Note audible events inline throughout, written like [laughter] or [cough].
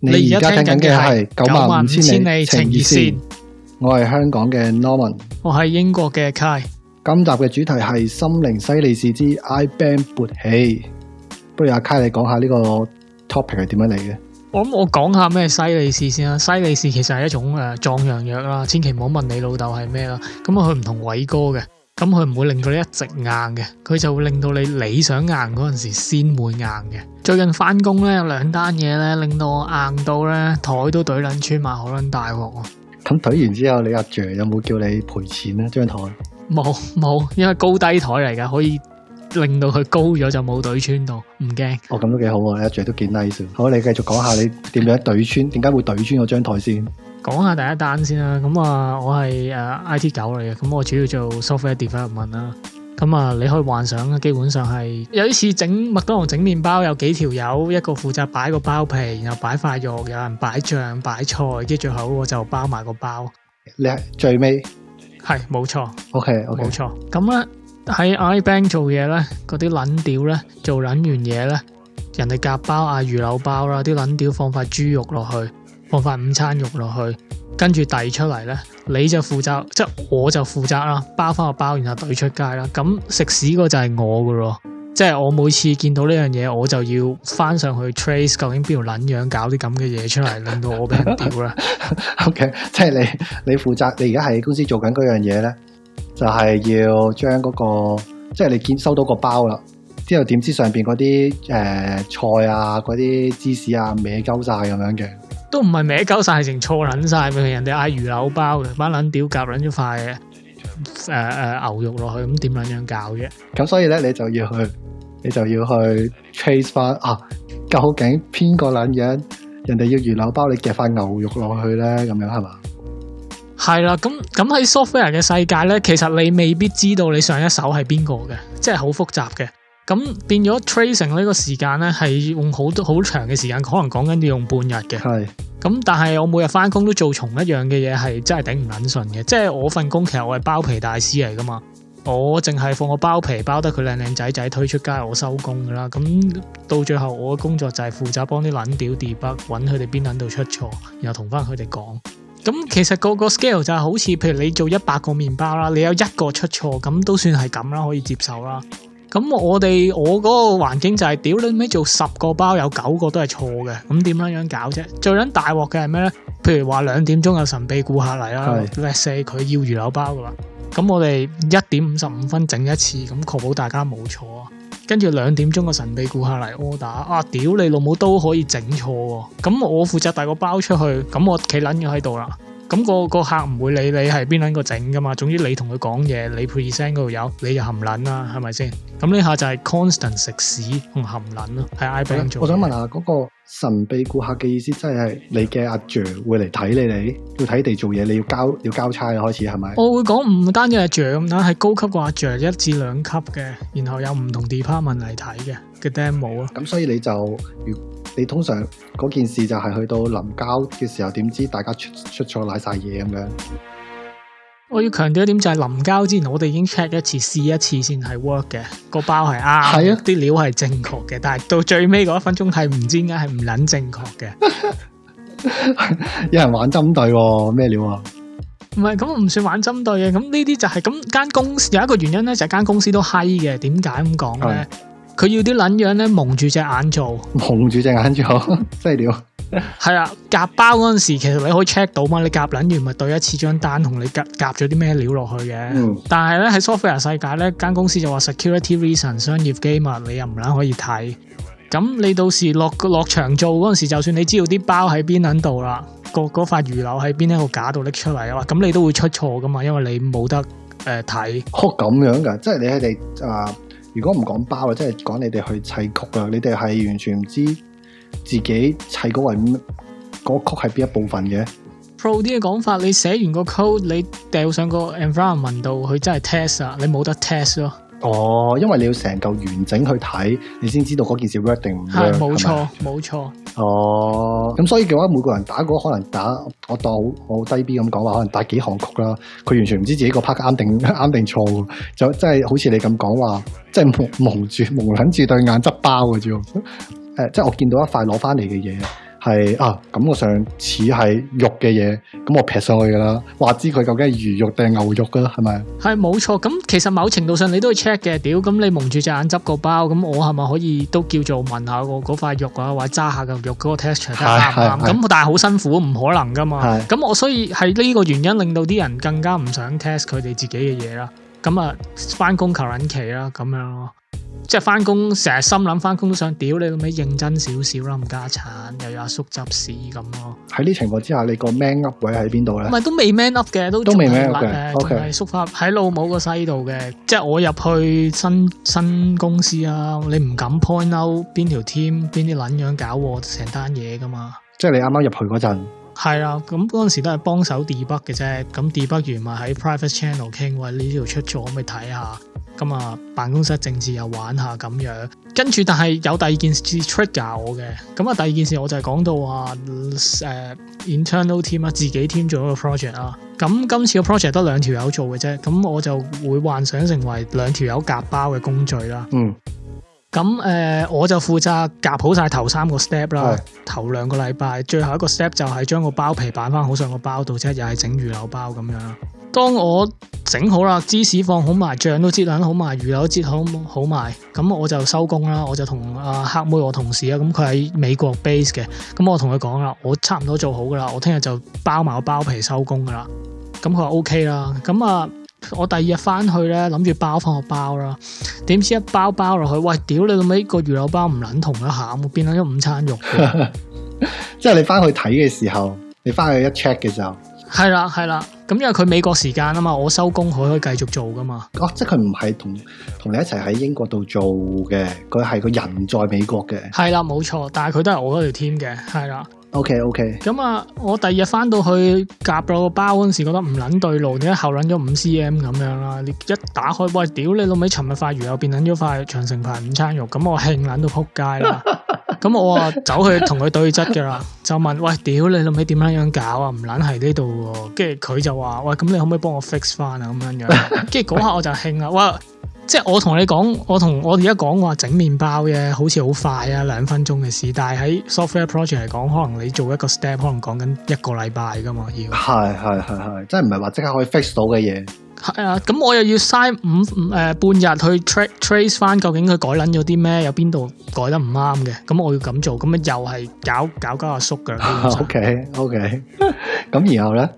你而家聽緊嘅係九萬五千里情熱線，我係香港嘅 Norman，我係英國嘅 k a i 今集嘅主題係心靈犀利士之 I Band 勃起，不如阿 k a i 你講下呢個 topic 係點樣嚟嘅？我我講下咩犀利士先啦，犀利士其實係一種誒壯陽藥啦，千祈唔好問你老豆係咩啦。咁啊，佢唔同偉哥嘅。咁佢唔會令到你一直硬嘅，佢就會令到你理想硬嗰陣時先會硬嘅。最近返工咧，有兩單嘢咧，令到我硬到咧台都隊捻穿埋好捻大鑊喎。咁隊完之後，你阿 Sir、er、有冇叫你賠錢呢？張台？冇冇，因為高低台嚟嘅，可以令到佢高咗就冇隊穿到，唔驚。哦，咁、啊 er、都幾好喎，阿 Sir 都幾 nice。好，你繼續講一下你點樣隊穿，點解會隊穿嗰張台先？講下第一單先啦，咁啊，我係誒 IT 狗嚟嘅，咁我主要做 software development 啦。咁啊，你可以幻想嘅，基本上係有一次整麥當勞整麵包，有幾條友，一個負責擺個包皮，然後擺塊肉，有人擺醬擺菜，跟住最後我就包埋個包。你係最尾？係，冇錯。OK，OK，冇錯。咁咧喺 iBank 做嘢咧，嗰啲撚屌咧，做撚完嘢咧，人哋夾包啊魚柳包啦，啲撚屌放塊豬肉落去。放塊午餐肉落去，跟住遞出嚟咧，你就負責，即係我就負責啦，包翻個包，然後懟出街啦。咁食屎個就係我㗎咯，即係我每次見到呢樣嘢，我就要翻上去 trace 究竟邊度捻樣搞啲咁嘅嘢出嚟，令到我俾人屌啦。 [laughs] o、okay, K，即係你你負責，你而家喺公司做緊嗰樣嘢咧，就係、是、要將嗰、那個，即係你見收到個包啦，之後點知上邊嗰啲誒菜啊，嗰啲芝士啊，歪鳩晒咁樣嘅。都唔係歪鳩晒，成錯撚晒。咪人哋嗌魚柳包嘅，把撚屌夾撚咗塊誒誒牛肉落、呃呃、去，咁點撚樣搞嘅？咁所以咧，你就要去，你就要去 trace 翻啊，究竟邊個撚樣人哋要魚柳包，你夾塊牛肉落去咧？咁樣係嘛？係啦，咁咁喺 software 嘅世界咧，其實你未必知道你上一手係邊個嘅，即係好複雜嘅。咁變咗 tracing 呢個時間咧，係用好多好長嘅時間，可能講緊要用半日嘅。係。咁但係我每日翻工都做同一樣嘅嘢，係真係頂唔撚順嘅。即係我份工其實我係包皮大師嚟噶嘛，我淨係放個包皮包得佢靚靚仔仔推出街，我收工噶啦。咁到最後我嘅工作就係負責幫啲撚屌地筆，揾佢哋邊撚度出錯，然後同翻佢哋講。咁其實個個 scale 就係好似譬如你做一百個麵包啦，你有一個出錯，咁都算係咁啦，可以接受啦。咁我哋我嗰個環境就係屌你咪做十個包，有九個都係錯嘅。咁點樣樣搞啫？最捻大鑊嘅係咩咧？譬如話兩點鐘有神秘顧客嚟啦 let's say 佢要魚柳包噶啦。咁我哋一點五十五分整一次，咁確保大家冇錯啊。跟住兩點鐘個神秘顧客嚟 order 啊，屌 [music] 你老母都可以整錯。咁我負責帶個包出去，咁我企捻咗喺度啦。咁個個客唔會理你係邊撚個整噶嘛，總之你同佢講嘢，你 present 嗰度有，你就含撚啦，係咪先？咁呢下就係 constant 食屎同含撚咯。係畀人做。我想問下嗰個神秘顧客嘅意思，即係你嘅阿 sir 會嚟睇你，你要睇地做嘢，你要交要交差開始係咪？我會講唔單止阿 sir 啦，係高級個阿 sir 一至兩級嘅，然後有唔同 department 嚟睇嘅嘅 demo 啊。咁所以你就。你通常嗰件事就係去到臨交嘅時候，點知大家出出錯瀨晒嘢咁樣？我要強調一點就係、是、臨交之前，我哋已經 check 一次，試一次先係 work 嘅，那個包係啊，啲、啊、料係正確嘅。但係到最尾嗰一分鐘係唔知點解係唔捻正確嘅。 [laughs] 有人玩針對喎、哦？咩料啊？唔係咁唔算玩針對嘅，咁呢啲就係咁間公司有一個原因咧，就係間公司都閪嘅。點解咁講咧？佢要啲撚樣咧，蒙住隻眼，做，眼做，蒙住隻眼做，犀利喎！係啊，夾包嗰陣時，其實你可以 check 到嘛？你夾撚完咪對一次張單，同你夾夾咗啲咩料落去嘅。嗯、但係咧喺 software 世界咧，間公司就話 security reason 商業機密，你又唔撚可以睇。咁你到時落落場做嗰陣時，就算你知道啲包喺邊撚度啦，個嗰塊魚柳喺邊一個架度拎出嚟啊嘛，咁你都會出錯噶嘛，因為你冇得誒睇。呃、哦，咁樣噶，即係你喺你。啊～如果唔講包啊，即係講你哋去砌曲啊，你哋係完全唔知自己砌嗰個嗰曲係邊一部分嘅。Pro 啲嘅講法，你寫完個 code，你掉上個 environment 度，佢真係 test 啊，你冇得 test 咯。哦，oh, 因為你要成嚿完整去睇，你先知道嗰件事 work 定唔 w 係，冇錯、啊，冇錯。哦，咁錯、oh, 所以嘅話，每個人打嗰可能打，我當好低 B 咁講話，可能打幾行曲啦，佢完全唔知自己個 part 啱定啱定錯，就即係好似你咁講話，即係無住、無捻住對眼執包嘅啫。誒，即係我見到一塊攞翻嚟嘅嘢。係啊，咁我上似係肉嘅嘢，咁我劈上去噶啦，話知佢究竟係魚肉定係牛肉噶啦，係咪？係，冇錯，咁其實某程度上你都要 check 嘅。屌，咁你蒙住隻眼執個包，咁我係咪可以都叫做問下我嗰塊肉啊，或者揸下個肉嗰個 texture 啱唔啱？咁那是但係好辛苦，唔可能噶嘛。咁是我所以係呢個原因令到啲人更加唔想 test 佢哋自己嘅嘢啦。咁啊，翻工求其啦，咁樣咯。即係翻工，成日心諗翻工都想屌你，咁樣認真少少啦，唔家產，又有阿叔執屎咁咯。喺呢情況之下，你個 man up 位喺邊度咧？唔係都未 man up 嘅，都,都未 man up 嘅仲係仲係縮合喺老母個西度嘅。即係我入去新新公司啊，你唔敢 point out 邊條 team 邊啲撚樣搞我成單嘢噶嘛？即係你啱啱入去嗰陣。係啦，咁嗰陣時都係幫手 debug 嘅啫。咁 debug 完咪喺 private channel 傾，喂，呢條出咗，可唔可以睇下？咁啊，辦公室政治又玩下咁樣。跟住，但係有第二件事 trigger 我嘅。咁啊，第二件事我就講到話誒、uh, internal team 啊，自己 team 做一個 project 啊。咁今次個 project 得兩條友做嘅啫，咁我就會幻想成為兩條友夾包嘅工具啦。嗯。咁誒、呃，我就負責夾好晒頭三個 step 啦，嗯、頭兩個禮拜，最後一個 step 就係將個包皮擺翻好上個包度，即係又係整魚柳包咁樣。當我整好啦，芝士放好埋，醬都切捻好埋，魚柳都切好好埋，咁我就收工啦。我就同阿黑妹我同事啦，咁佢喺美國 base 嘅，咁我同佢講啦，我差唔多做好噶啦，我聽日就包埋個包皮收工噶啦。咁佢話 OK 啦，咁啊。我第二日翻去咧，諗住包翻個包啦，點知一包一包落去，喂，屌你咁尾個魚柳包唔卵同啦，餡變咗一午餐肉。 [laughs] 即係你翻去睇嘅時候，你翻去一 check 嘅時候，係啦，係啦。咁因為佢美國時間啊嘛，我收工佢可以繼續做噶嘛。哦，即係佢唔係同同你一齊喺英國度做嘅，佢係個人在美國嘅。係啦，冇錯，但係佢都係我嗰條 team 嘅，係啦。O K O K，咁啊，我第二日翻到去夾咗個包嗰時，覺得唔捻對路，點解後捻咗五 C M 咁樣啦。你一打開，喂，屌你老味！尋日發魚又變捻咗塊長城牌午餐肉，咁我興捻到扑街啦。咁 [laughs] 我啊，走去同佢對質噶啦，就問喂，屌你老味，點樣樣搞啊？唔捻喺呢度，跟住佢就話喂，咁你可唔可以幫我 fix 翻啊？咁樣樣，跟住嗰下我就興啦， [laughs] 哇！即係我同你講，我同我而家講話整麵包嘅，好似好快啊，兩分鐘嘅事。但係喺 software project 嚟講，可能你做一個 step，可能講緊一個禮拜噶嘛。要係係係係，即係唔係話即刻可以 fix 到嘅嘢。係啊，咁我又要嘥五誒半日去 trace trace 翻，究竟佢改撚咗啲咩？有邊度改得唔啱嘅？咁我要咁做，咁啊又係搞搞搞阿叔嘅。OK OK。咁然後咧？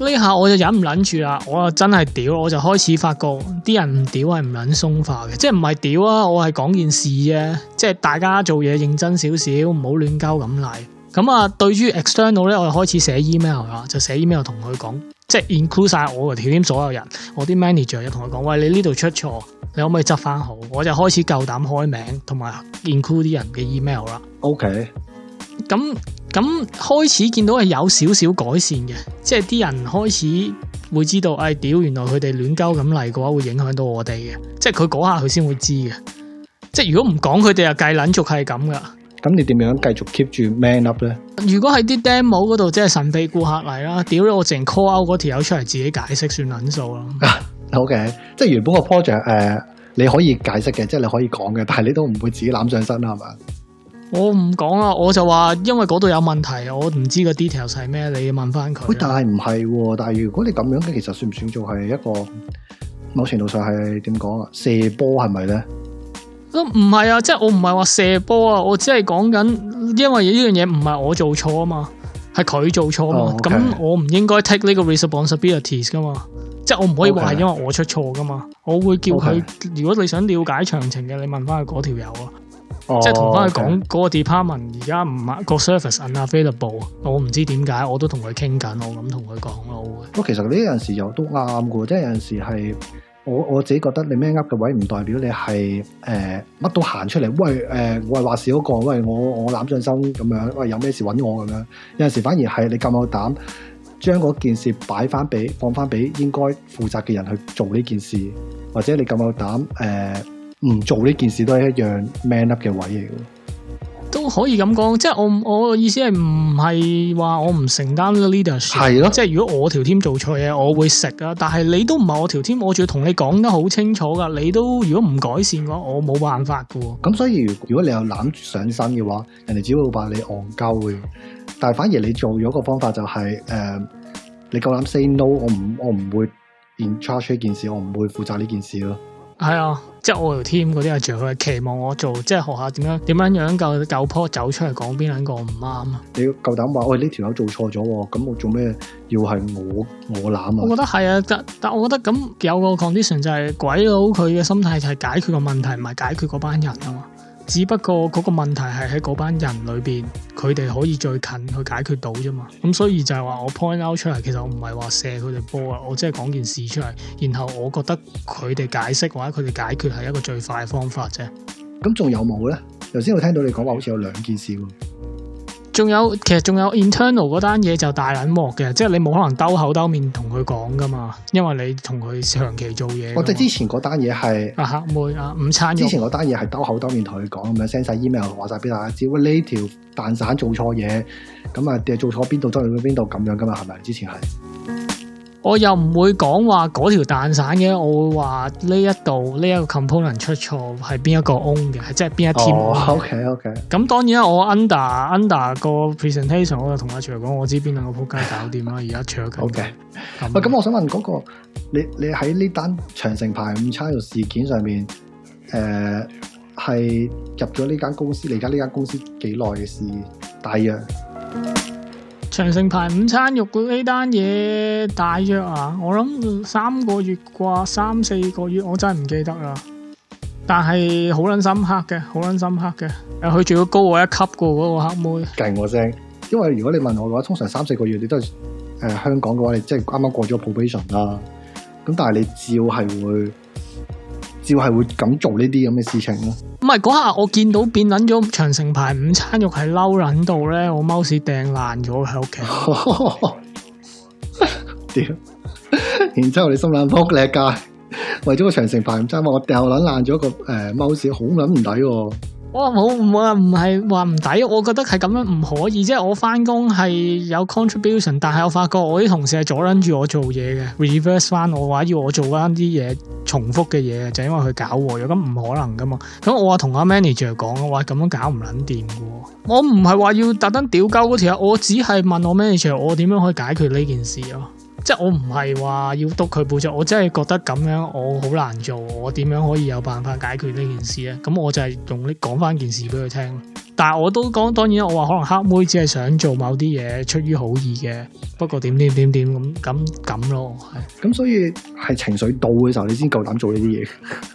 呢下我就忍唔忍住啦，我啊真係屌，我就開始發覺啲人屌係唔捻鬆化嘅，即係唔係屌啊，我係講件事啫，即係大家做嘢認真少少，唔好亂交咁賴。咁啊，對於 external 咧，我就開始寫 email 啊，就寫 email 同佢講，即係 include 晒我嘅 team 所有人，我啲 manager 又同佢講，喂，你呢度出錯，你可唔可以執翻好？我就開始夠膽開名，同埋 include 啲人嘅 email 啦。OK，咁。咁開始見到係有少少改善嘅，即係啲人開始會知道，哎，屌，原來佢哋亂鳩咁嚟嘅話，會影響到我哋嘅，即係佢嗰下佢先會知嘅。即係如果唔講，佢哋又繼續係咁噶。咁你點樣繼續 keep 住 man up 咧？如果喺啲 demo 嗰度，即係神秘顧客嚟啦，屌你，我淨 call out 嗰條友出嚟自己解釋算撚數咯。啊，好嘅，即係原本個 project 誒，你可以解釋嘅，即係你可以講嘅，但係你都唔會自己攬上身啦，係嘛？我唔講啦，我就話因為嗰度有問題，我唔知個 detail 係咩，你要問翻佢。喂、啊，但係唔係，但係如果你咁樣嘅，其實算唔算做係一個，某程度上係點講啊？射波係咪咧？唔係啊，即係我唔係話射波啊，我只係講緊，因為呢樣嘢唔係我做錯啊嘛，係佢做錯啊嘛，咁、哦 okay. 我唔應該 take 呢個 responsibilities 噶嘛，即係我唔可以話係因為我出錯噶嘛，Okay. 我會叫佢，Okay. 如果你想了解詳情嘅，你問翻佢嗰條友啊。即係同翻佢講嗰、oh, okay. 個 department 而家唔係個 service unavailable，我唔知點解，我都同佢傾緊，我咁同佢講咯。不過其實呢樣事又都啱嘅，即係有陣時係我我自己覺得你咩噏嘅位唔代表你係誒乜都行出嚟。喂誒、呃那個，我係話事嗰個，我我攬上心咁樣，喂有咩事揾我咁樣。有陣時反而係你咁有膽將嗰件事擺翻俾放翻俾應該負責嘅人去做呢件事，或者你咁有膽誒？呃唔做呢件事都係一樣 man up 嘅位嚟嘅，都可以咁講，即係我我嘅意思係唔係話我唔承擔 leadership，係咯的，即係如果我條 team 做錯嘢，我會食啊，但係你都唔係我條 team，我仲要同你講得好清楚噶，你都如果唔改善嘅話，我冇辦法嘅，咁所以如果你又攬住上身嘅話，人哋只會話你戇鳩嘅，但係反而你做咗個方法就係、是、誒、呃，你夠膽 say no，我唔我唔會 in charge 呢件事，我唔會負責呢件事咯，係啊。即係我條 team 嗰啲係做，佢期望我做，即係學下點樣點樣樣夠九坡走出嚟講邊兩個唔啱啊。你要夠膽話，喂，呢條友做錯咗，咁我做咩要係我我攬啊？我覺得係啊，但但我覺得咁有個 condition 就係、是、鬼佬佢嘅心態就係解決個問題，唔係解決嗰班人啊嘛。只不過嗰個問題係喺嗰班人裏邊，佢哋可以最近去解決到啫嘛。咁所以就係話我 point out 出嚟，其實我唔係話射佢哋波啊，我即係講件事出嚟，然後我覺得佢哋解釋或者佢哋解決係一個最快嘅方法啫。咁仲有冇呢？頭先我聽到你講話好似有兩件事喎。仲有，其實仲有 internal 嗰單嘢就大卵鑊嘅，即係你冇可能兜口兜面同佢講噶嘛，因為你同佢長期做嘢。我哋之前嗰單嘢係啊嚇，唔啊午餐。之前嗰單嘢係兜口兜面同佢講咁樣 send 晒 email 話晒俾大家知，喂呢條蛋散做錯嘢，咁啊做錯邊度執去邊度咁樣噶、啊、嘛，係咪之前係？我又唔會講話嗰條彈散嘅，我會話呢一度呢一個、這個、component 出錯係邊一個 on 嘅，即係邊一 team。o、oh, k OK, okay。咁當然啦，我 under under 個 presentation，我就同阿徐講，我知邊兩個仆街搞掂啦，而家搶緊。OK。咁我想問嗰、那個，你你喺呢單長城牌午餐肉事件上面，誒、呃、係入咗呢間公司，嚟而家呢間公司幾耐嘅事？大約？長城牌午餐肉嗰呢單嘢大約啊！我諗三個月啩，三四個月我真係唔記得啦。但係好卵深刻嘅，好卵深刻嘅。誒，佢仲要高我一級過，嗰個黑妹勁我聲。因為如果你問我嘅話，通常三四個月你都係誒香港嘅話，你即係啱啱過咗 probation 啦。咁但係你照係會。照係會咁做呢啲咁嘅事情咯。唔係嗰下我見到變捻咗長城牌午餐肉係嬲捻到咧，我貓屎掟爛咗喺屋企。屌！ [laughs] [laughs] 然之後你心諗扑叻噶，為咗個長城牌午餐肉，我掉捻爛咗個誒貓屎，好捻唔抵喎。我冇冇啊，唔係話唔抵，我覺得係咁樣唔可以，即係我翻工係有 contribution，但係我發覺我啲同事係阻捻住我做嘢嘅，reverse 翻我話要我做翻啲嘢重複嘅嘢，就因為佢搞我，咁唔可能噶嘛，咁我話同阿 manager 講，我話咁樣搞唔捻掂嘅，我唔係話要特登屌鳩嗰條啊，我只係問 man 我 manager 我點樣可以解決呢件事咯、啊。即係我唔係話要督佢背脊，我真係覺得咁樣我好難做。我點樣可以有辦法解決呢件事咧？咁我就係用力講翻件事俾佢聽。但係我都講，當然我話可能黑妹只係想做某啲嘢，出於好意嘅。不過點點點點咁咁咁咯，係咁。所以係情緒到嘅時候，你先夠膽做呢啲嘢，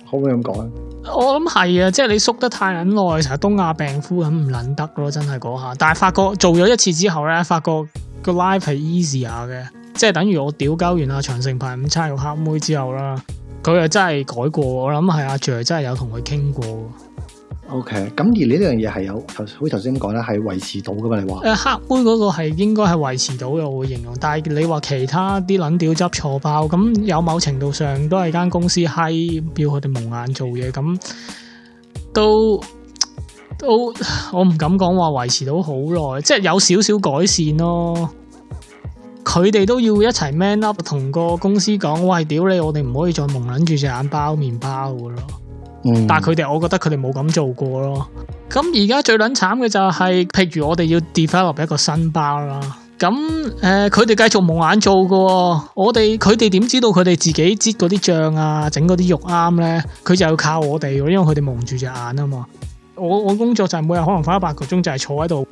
可 [laughs] 唔可以咁講咧？我諗係啊，即係你縮得太撚耐，成日東亞病夫咁唔撚得咯，真係嗰下。但係發覺做咗一次之後咧，發覺個 life 係 easy 下嘅。即係等於我屌交完阿長城牌午餐肉黑妹之後啦，佢又真係改過，我諗係阿 Jade 真係有同佢傾過。O K，咁而呢樣嘢係有，好似頭先咁講啦，係維持到噶嘛？你話？誒、呃，黑妹嗰個係應該係維持到嘅，我會形容。但係你話其他啲撚屌執錯爆，咁有某程度上都係間公司閪，要佢哋蒙眼做嘢，咁都都我唔敢講話維持到好耐，即係有少少改善咯。佢哋都要一齊 man up 同個公司講，喂，屌你，我哋唔可以再蒙撚住隻眼包麪包噶咯。嗯、但係佢哋，我覺得佢哋冇咁做過咯。咁而家最撚慘嘅就係、是，譬如我哋要 develop 一個新包啦。咁誒，佢、呃、哋繼續蒙眼做㗎喎。我哋佢哋點知道佢哋自己擠嗰啲醬啊，整嗰啲肉啱咧？佢就要靠我哋，因為佢哋蒙住隻眼啊嘛。我我工作就係每日可能花一百個鐘，就係坐喺度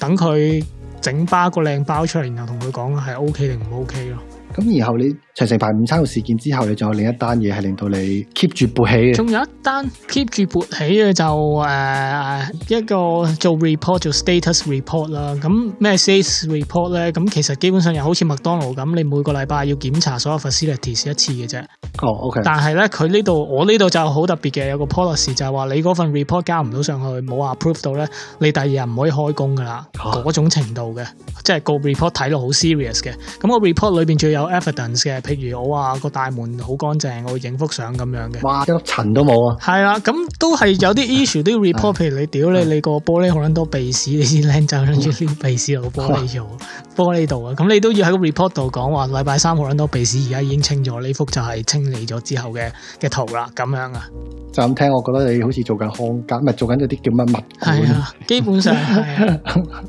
等佢。整包個靚包出嚟，然後同佢講係 OK 定唔 OK 咯？咁然後你長城牌午餐肉事件之後，你仲有另一單嘢係令到你 keep 住勃起嘅？仲有一單 keep 住勃起嘅就誒、呃、一個做 report 做 status report 啦。咁咩 status report 咧？咁其實基本上又好似麥當勞咁，你每個禮拜要檢查所有 facilities 一次嘅啫。哦，OK。但係咧，佢呢度我呢度就好特別嘅，有個 policy 就係話你嗰份 report 交唔到上去，冇 approve 到咧，你第二日唔可以開工噶啦。嗰、啊、種程度嘅，即係個 report 睇落好 serious 嘅。咁、個 report 裏邊最有 evidence 嘅，譬如我話個大門好乾淨，我影幅相咁樣嘅。哇！一塵都冇啊。係啦，咁都係有啲 issue 啲 report，譬如你屌你你個玻璃好撚多鼻屎，你先靚仔拎住啲鼻屎落玻璃度，玻璃度啊。咁你都要喺個 report 度講話，禮拜三好撚多鼻屎，而家已經清咗，呢幅就係清嚟咗之後嘅嘅圖啦，咁樣啊，就咁聽，我覺得你好似做緊漢格，咪做緊嗰啲叫乜物？係啊，基本上係啊。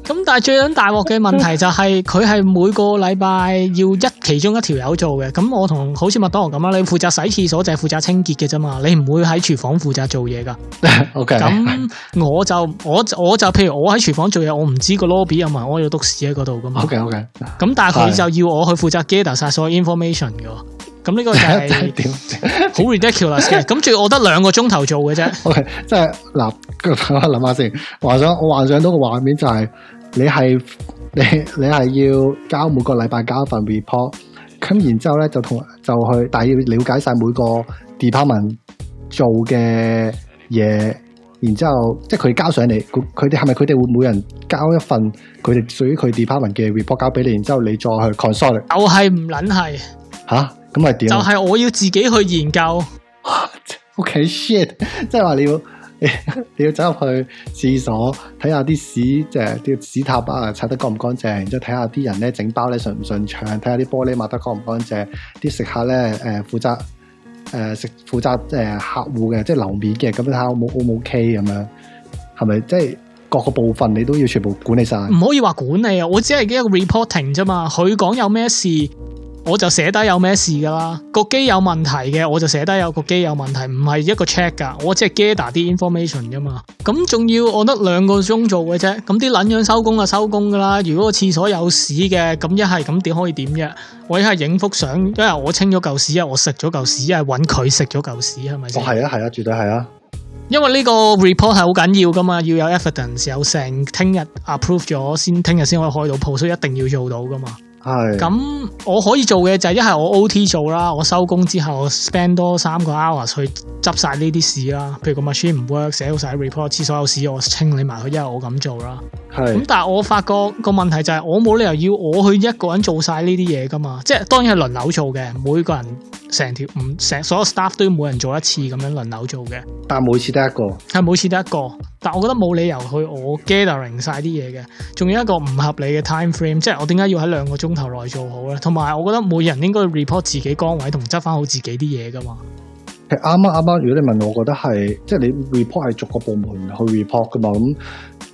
咁 [laughs] 但係最近大鑊嘅問題就係、是，佢係每個禮拜要一其中一條友做嘅。咁我同好似麥當勞咁啊，你負責洗廁所就係負責清潔嘅啫嘛，你唔會喺廚房負責做嘢噶。O K。咁我就我我就譬如我喺廚房做嘢，我唔知個 lobby 有,有嘛，我要督士喺嗰度噶嘛。O K O K。咁但係佢就要我去負責 gather 晒所有 information 嘅。咁呢個係點？好 ridiculous 嘅。咁最我得兩個鐘頭做嘅啫。OK，即係嗱，我諗下先。幻想我幻想到個畫面就係你係你你係要交每個禮拜交一份 report，咁然之後咧就同就去，但係要了解晒每個 department 做嘅嘢，然之後即係佢交上嚟，佢佢哋係咪佢哋會每人交一份佢哋屬於佢 department 嘅 report 交俾你，然之後你再去 consolidate。又係唔撚係吓？咁係點？就係我要自己去研究。OK [laughs] Okay , shit，即係話你要 [laughs] 你要走入去廁所睇下啲屎即係啲屎塔啊，擦得乾唔乾淨？然之後睇下啲人咧整包咧順唔順暢？睇下啲玻璃抹得乾唔乾淨？啲食客咧誒負責誒食負責誒、呃、客戶嘅即係樓面嘅咁睇下，好唔好？O K 咁樣係咪？即係、OK 就是、各個部分你都要全部管理晒。唔可以話管理啊！我只係一個 reporting 啫嘛。佢講有咩事？我就寫低有咩事噶啦，個機有問題嘅，我就寫低有個機有問題，唔係一個 check 噶，我只係 gather 啲 information 啫嘛。咁仲要我得兩個鐘做嘅啫，咁啲撚樣收工啊收工噶啦。如果個廁所有屎嘅，咁一係咁點可以點啫？我一係影幅相，因為我清咗嚿屎啊，我食咗嚿屎啊，搵佢食咗嚿屎係咪先？哦係啊係啊，絕對係啊。因為呢個 report 係好緊要噶嘛，要有 evidence，有成聽日 approve 咗先，聽日先可以開到鋪，所以一定要做到噶嘛。係咁、嗯、我可以做嘅就係一係我 OT 做啦，我收工之後我 spend 多三個 hour 去執晒呢啲事啦，譬如個 machine 唔 work，寫好晒 report，廁所有事我清理埋佢，因為我咁做啦。係咁是、嗯，但係我發覺個問題就係，是，我冇理由要我去一個人做晒呢啲嘢噶嘛，即係當然係輪流做嘅，每個人成條唔成所有 staff 都要每人做一次咁樣輪流做嘅。但係每次都一個。係每次得一個。但我覺得冇理由去我 gathering 晒啲嘢嘅，仲有一個唔合理嘅 time frame，即係我點解要喺兩個鐘頭內做好咧？同埋我覺得每人應該 report 自己崗位同執翻好自己啲嘢噶嘛。係啱啊，啱啊，如果你問我，我覺得係即係你 report 係逐個部門去 report 噶嘛？咁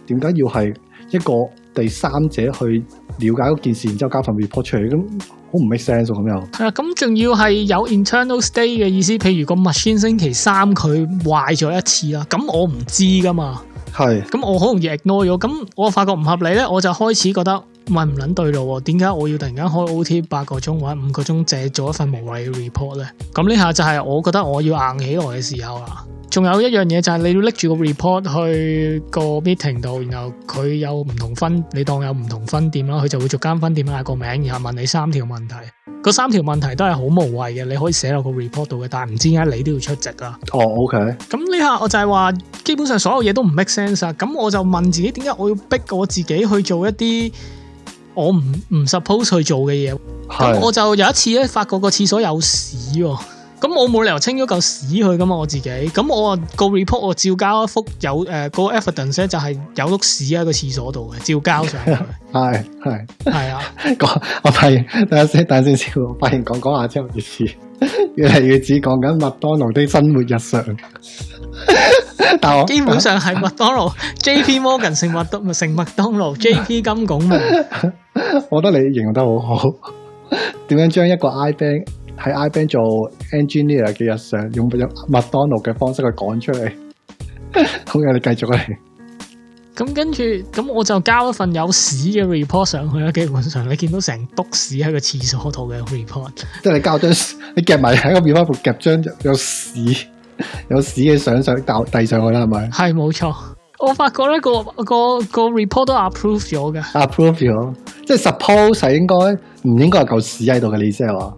點解要係一個？第三者去了解一件事，然之後交份 report 出嚟，咁好唔 make sense 喎。咁又係啊，咁仲、啊、要係有 internal stay 嘅意思，譬如個 machine 星期三佢壞咗一次啦，咁我唔知㗎嘛。係，咁我好容易 ignore 咗，咁我發覺唔合理咧，我就開始覺得唔係唔捻對路，點解我要突然間開 OT 八個鐘，或者五個鐘借咗一份無謂 report 咧？咁呢下就係我覺得我要硬起來嘅時候啊！仲有一樣嘢就係、是、你要拎住個 report 去個 meeting 度，然後佢有唔同分，你當有唔同分店啦，佢就會逐間分店嗌個名，然後問你三條問題。嗰三條問題都係好無謂嘅，你可以寫落個 report 度嘅，但係唔知點解你都要出席啦。哦，OK。咁呢下我就係話，基本上所有嘢都唔 make sense 啦。咁我就問自己，點解我要逼我自己去做一啲我唔唔 suppose 去做嘅嘢？咁是我就有一次咧，發覺個廁所有屎，哦。咁我冇理由清咗嚿屎佢噶嘛？我自己咁我個 report 我照交一幅有誒個 evidence 就係有碌屎喺個廁所度嘅，照交上去係係係啊！講我發現等下先，等先先，我發現講講下之後，越似越嚟越似講緊麥當勞啲生活日常。但我基本上係麥當勞，J P Morgan 成麥當成麥當勞，J P 金拱門。我覺得你形容得好好，點樣將一個 iBank？喺 iBank 做 engineer 嘅日常，用唔用麥當勞嘅方式去講出嚟？ [laughs] 好嘅，你繼續嚟。咁跟住，咁我就交一份有屎嘅 report 上去啦。基本上，你見到成篤屎喺個廁所度嘅 report， [laughs] 即係你交張，你夾埋喺個 email 簿夾張有屎、有屎嘅相上，投遞上去啦，係咪？係冇錯，我發覺咧、嗰個、嗰個、嗰個 report 都 approve 咗嘅。approve 咗，即係 suppose 係應該唔應該有嚿屎喺度嘅意思係話？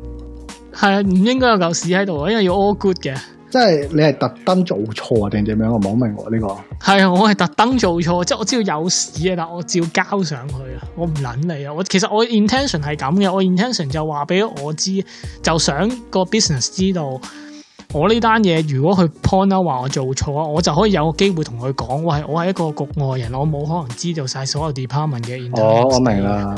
係唔應該有嚿屎喺度，啊，因為要 all good 嘅。即係你係特登做錯定點樣？我冇明喎呢、啊個。係啊，我係特登做錯，即係我知道有屎啊，但我照交上去啊，我唔捻你啊。我其實我 intention 係咁嘅，我 intention 就話俾我知，就想個 business 知道我呢單嘢，如果佢 point out 話我做錯啊，我就可以有個機會同佢講，我係我係一個局外人，我冇可能知道晒所有 department 嘅我、哦、我明啦。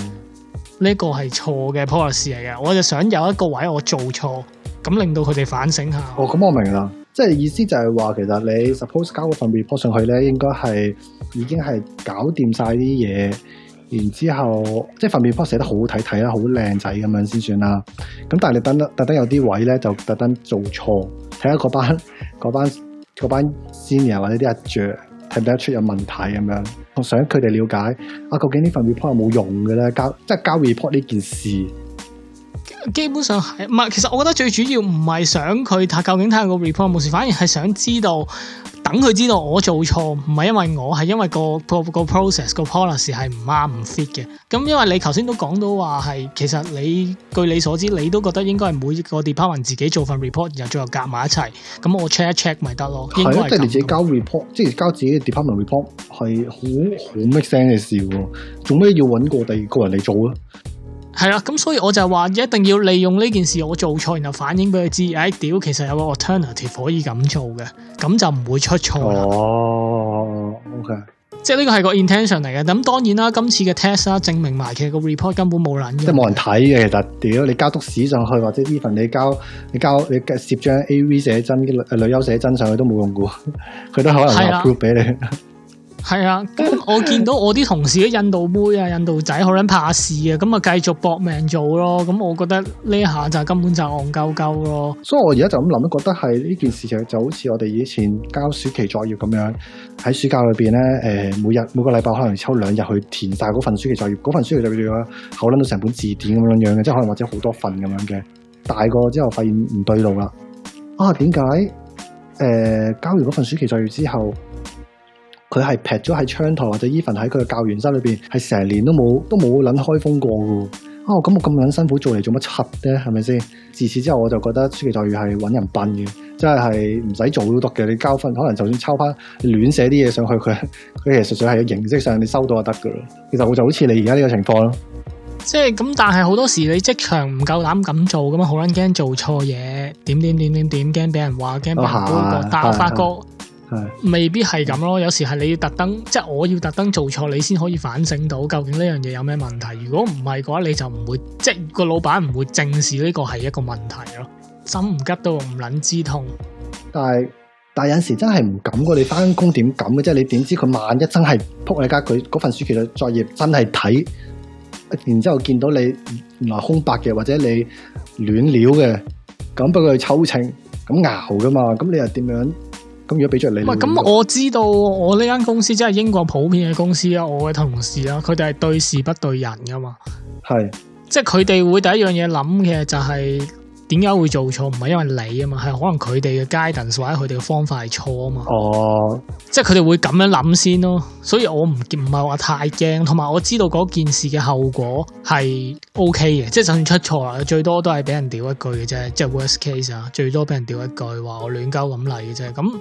呢個係錯嘅 policy 嚟嘅，我就想有一個位我做錯，咁令到佢哋反省下。哦，咁我明啦，即係意思就係話其實你 suppose 交個份便 report 上去咧，應該係已經係搞掂晒啲嘢，然之後即係份便 report 寫得好好睇睇啦，好靚仔咁樣先算啦。咁但係你特登特登有啲位咧，就特登做錯，睇下嗰班嗰班嗰班，班 senior 或者啲阿長睇唔睇得出有問題咁樣。想佢哋了解啊，究竟呢份 report 有冇用嘅咧？交即係交 report 呢件事。基本上係唔係？其實我覺得最主要唔係想佢究竟睇下個 report 冇事，反而係想知道等佢知道我做錯，唔係因為我係因為、那個個個 process 個 policy 係唔啱唔 fit 嘅。咁因為你頭先都講到話係，其實你據你所知，你都覺得應該係每一個 department 自己做份 report，然後最後夾埋一齊，咁我 check 一 check 咪得咯。係即係你自己交 report，即係交自己 department report 係好好 make sense 嘅事喎。做咩要揾個第二個人嚟做啊？係啦，咁所以我就話一定要利用呢件事，我做錯，然後反映俾佢知。哎，屌，其實有個 alternative 可以咁做嘅，咁就唔會出錯哦，oh，OK，即係呢個係個 intention 嚟嘅。咁當然啦，今次嘅 test 啦，證明埋其實個 report 根本冇卵用。即冇人睇嘅，其實屌你交督屎上去，或者 even 你交你交你攝張 AV 寫真，嘅女優寫真上去都冇用嘅，佢 [laughs] 都可能 approve 俾了給你。 [laughs] 係啊，我見到我啲同事啲印度妹啊、印度仔好捻怕事啊，咁啊繼續搏命做咯。咁我覺得呢下就根本就戇鳩鳩咯。所以我而家就咁諗，覺得係呢件事情就好似我哋以前交暑期作業咁樣，喺暑假裏邊咧，誒、呃，每日每個禮拜可能抽兩日去填晒嗰份暑期作業，嗰份暑期作業如果厚捻到成本字典咁樣樣嘅，即係可能或者好多份咁樣嘅。大個之後發現唔對路啦，啊，點解？誒、呃，交完嗰份暑期作業之後。佢係劈咗喺窗台，或者 even 喺佢嘅教員室裏邊，係成年都冇都冇諗開封過噶。啊，咁我咁捻辛苦做嚟做乜柒啫？係咪先？自此之後，我就覺得暑期待遇係揾人笨嘅，真係唔使做都得嘅。你交分，可能就算抄翻亂寫啲嘢上去，佢佢其實純粹係形式上你收到就得噶啦。其實我就好似你而家呢個情況咯，即係咁。但係好多時你職場唔夠膽咁做，咁樣好捻驚做錯嘢，點點點點點驚俾人話，驚但發覺。未必係咁咯，有時係你要特登，即係我要特登做錯，你先可以反省到究竟呢樣嘢有咩問題。如果唔係嘅話，你就唔會即係個老闆唔會正視呢個係一個問題咯。針唔拮到唔撚知痛，但係但係有陣時真係唔敢嘅，你返工點敢嘅？即係你點知佢萬一真係扑你家佢嗰份暑期作業真係睇，然之後見到你原來空白嘅或者你亂料嘅，咁畀佢去抽秤咁熬噶嘛？咁你又點樣？咁如果俾著你，唔係咁我知道我呢間公司即係英國普遍嘅公司啦，我嘅同事啦，佢哋係對事不對人噶嘛，係，即係佢哋會第一樣嘢諗嘅就係。點解會做錯？唔係因為你啊嘛，係可能佢哋嘅 guidance 或者佢哋嘅方法係錯啊嘛。哦，即係佢哋會咁樣諗先咯。所以我唔唔係話太驚，同埋我知道嗰件事嘅後果係 OK 嘅。即係就算出錯啦，最多都係俾人屌一句嘅啫。即係 worst case 啊，最多俾人屌一句話我亂鳩咁嚟嘅啫。咁。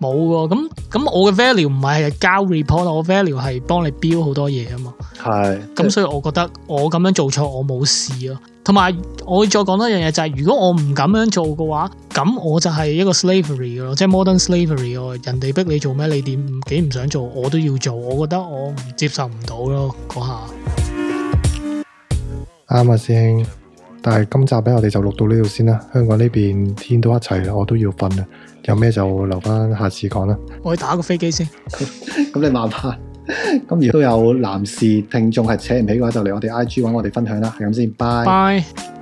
冇喎，咁咁我嘅 value 唔係交 report，我 value 係幫你 build 好多嘢啊嘛。係。咁所以我覺得我咁樣做錯我冇事啊。同埋我再講多一樣嘢就係，如果我唔咁樣做嘅話，咁我就係一個 slavery 咯，即係 modern slavery 哦，人哋逼你做咩，你點幾唔想做，我都要做。我覺得我唔接受唔到咯，嗰下。啱啊，師兄。但係今集畀，我哋就錄到呢度先啦。香港呢邊天都一齊啦，我都要瞓啦。有咩就留翻下次講啦。我去打個飛機先。咁 Okay. [laughs] 你慢慢。咁亦都有男士聽眾係扯唔起嘅話，就嚟我哋 I G 揾我哋分享啦。係咁先，拜拜。